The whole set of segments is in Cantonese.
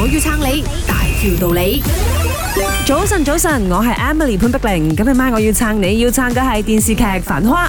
我要撐你，大條道理。早晨，早晨，我係 Emily 潘碧玲。今日晚我要撐你，要撐嘅係電視劇《繁花》。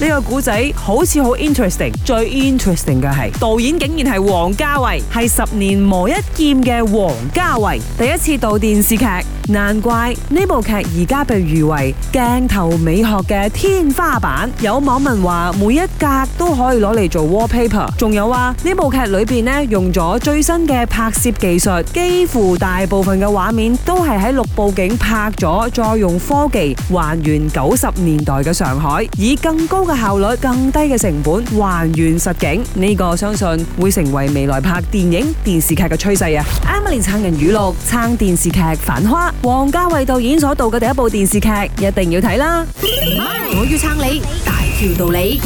呢個故仔好似好 interesting，最 interesting 嘅係導演竟然係王家衛，係十年磨一劍嘅王家衛，第一次導電視劇。難怪呢部劇而家被譽為鏡頭美學嘅天花板，有網民話每一格都可以攞嚟做 wallpaper。仲有啊，部劇面呢部劇裏邊咧用咗最新嘅拍攝技術，幾乎大部分嘅畫面都係喺綠布景拍咗，再用科技還原九十年代嘅上海，以更高嘅效率、更低嘅成本還原實景。呢、這個相信會成為未來拍電影、電視劇嘅趨勢啊！Emily 撐人語錄，撐電視劇繁花。王家衛導演所導嘅第一部電視劇，一定要睇啦！我要撐你，大條道理。